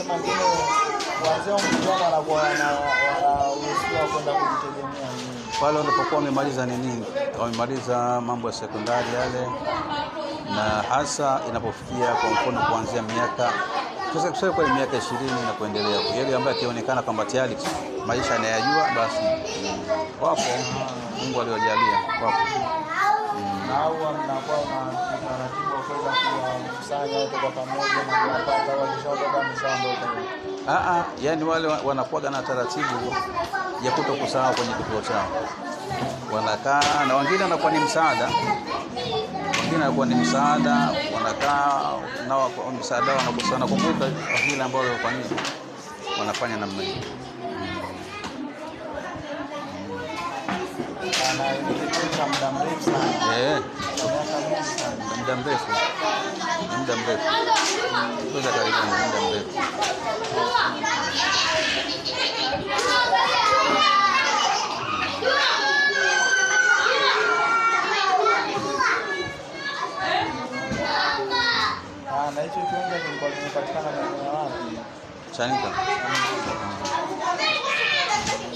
anasema ngine wazee mjoma wanakuwa wanaruhusiwa kwenda kujitegemea pale walipokuwa wamemaliza ni nini, wamemaliza mambo ya sekondari yale, na hasa inapofikia kwa mfano kuanzia miaka kwa miaka ishirini na kuendelea, yule ambaye akionekana kwamba tayari maisha anayajua, basi wapo, Mungu aliwajalia wapo wanakusanya wote kwa pamoja na kuwapata mnapata, wakishaondoka wameshaondoka? Ah, ah yani wale wanakuwaga na taratibu ya kuto kusahau kwenye kituo chao, wanakaa na wengine wanakuwa ni msaada, wengine wanakuwa ni msaada, wanakaa na msaada wanakusana, kumbuka kile ambao wanafanya namna hiyo. 네. Dam-dam refu. Dam-dam refu. Kuza karibu na dam refu. Na hicho kiunga kilikuwa kimepatikana maeneo wapi? Chanika.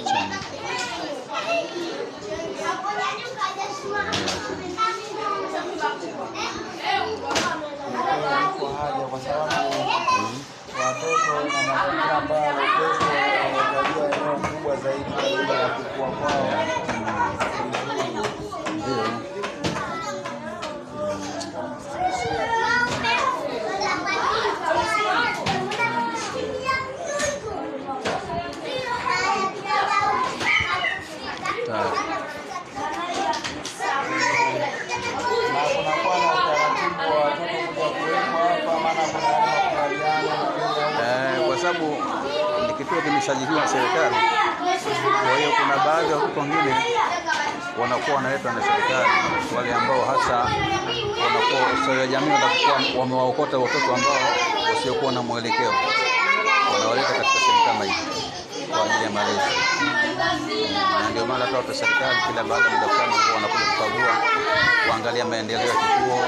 Chanika. Gracias. kimesajiliwa na serikali. Kwa hiyo kuna baadhi ya huko wengine wanakuwa wanaletwa na serikali, wale ambao hasa wanakuwa ustawi wa jamii watakuwa wamewaokota watoto ambao wasiokuwa na mwelekeo, wanawaleta katika sehemu kama hii kwa ajili ya malezi, na ndio maana hata watu serikali kila baada ya muda fulani huwa wanakuja kukagua, kuangalia maendeleo ya kituo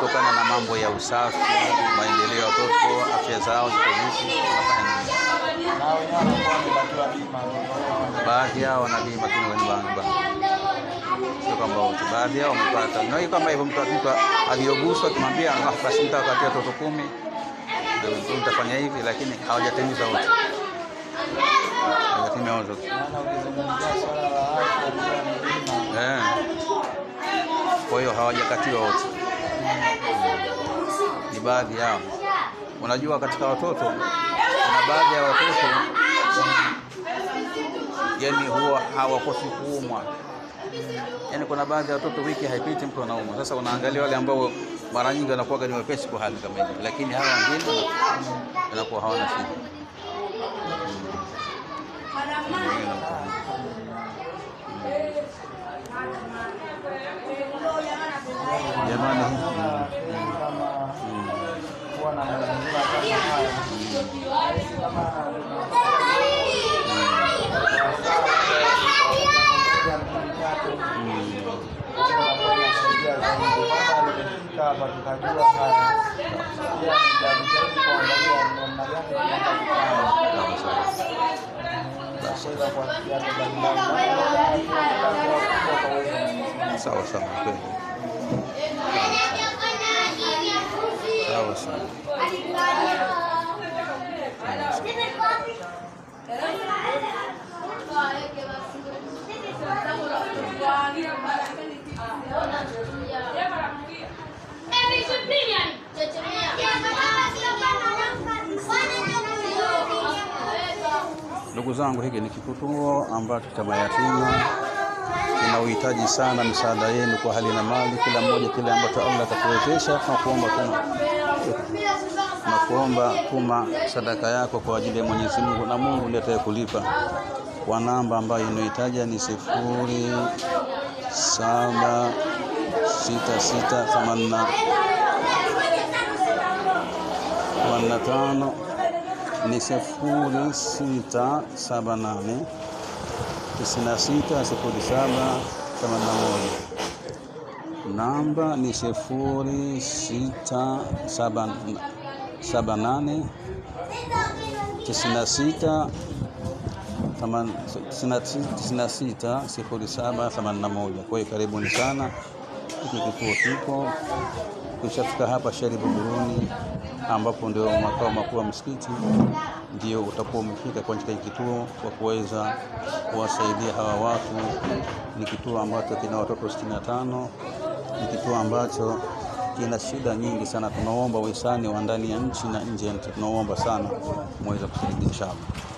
kutokana na mambo ya usafi, maendeleo ya watoto, afya zao ziko vipi, wanafanya nini baadhi yao wana bima kinwanibaba, sio kwamba wote, baadhi yao wamepata. Na kama hivyo, mtu mtu aliyoguswa kimwambia ah, basi, nitawakatia watoto kumi na nitafanya hivi, lakini hawajatimiza wote, hawajatimiza wote. Eh. Kwa hiyo hawajakatiwa wote, ni baadhi yao. Unajua, katika watoto baadhi ya watoto yani huwa hawakosi kuumwa. Yani kuna baadhi ya watoto wiki haipiti mtu anaumwa. Sasa unaangalia wale ambao mara nyingi wanakuwa ni wepesi kwa hali kama hiyo, lakini hawa wengine wanakuwa hawana shida. Jamani. sahabat kita juga kan yang menjadi contoh bagi sama-sama Ndugu zangu, hiki ni kituo ambacho cha mayatima kina sana misaada yenu kwa hali na mali, kila mmoja kile ambacho Allah atakuwezesha. Tunakuomba tunakuomba tuma sadaka yako kwa ajili ya Mwenyezi Mungu, na Mungu ndiye atakayekulipa. Kwa namba ambayo inahitaji ni sifuri saba sita sita themanini na tano ni sifuri sita saba nane tisini na sita sifuri saba themanini na moja. Namba ni sifuri sita saba saba nane tisini na sita sifuri saba themanini na moja. Kwa hiyo karibuni sana kituo kipo. Ukishafika hapa sheri buguruni ambapo ndio makao makuu ya msikiti, ndio utakuwa umefika katika kituo kwa kuweza kuwasaidia hawa watu. Ni kituo ambacho kina watoto 65 ni kituo ambacho kina shida nyingi sana. Tunaomba wahisani wa ndani ya nchi na nje ya nchi, tunaomba sana muweze kusaidia inshallah.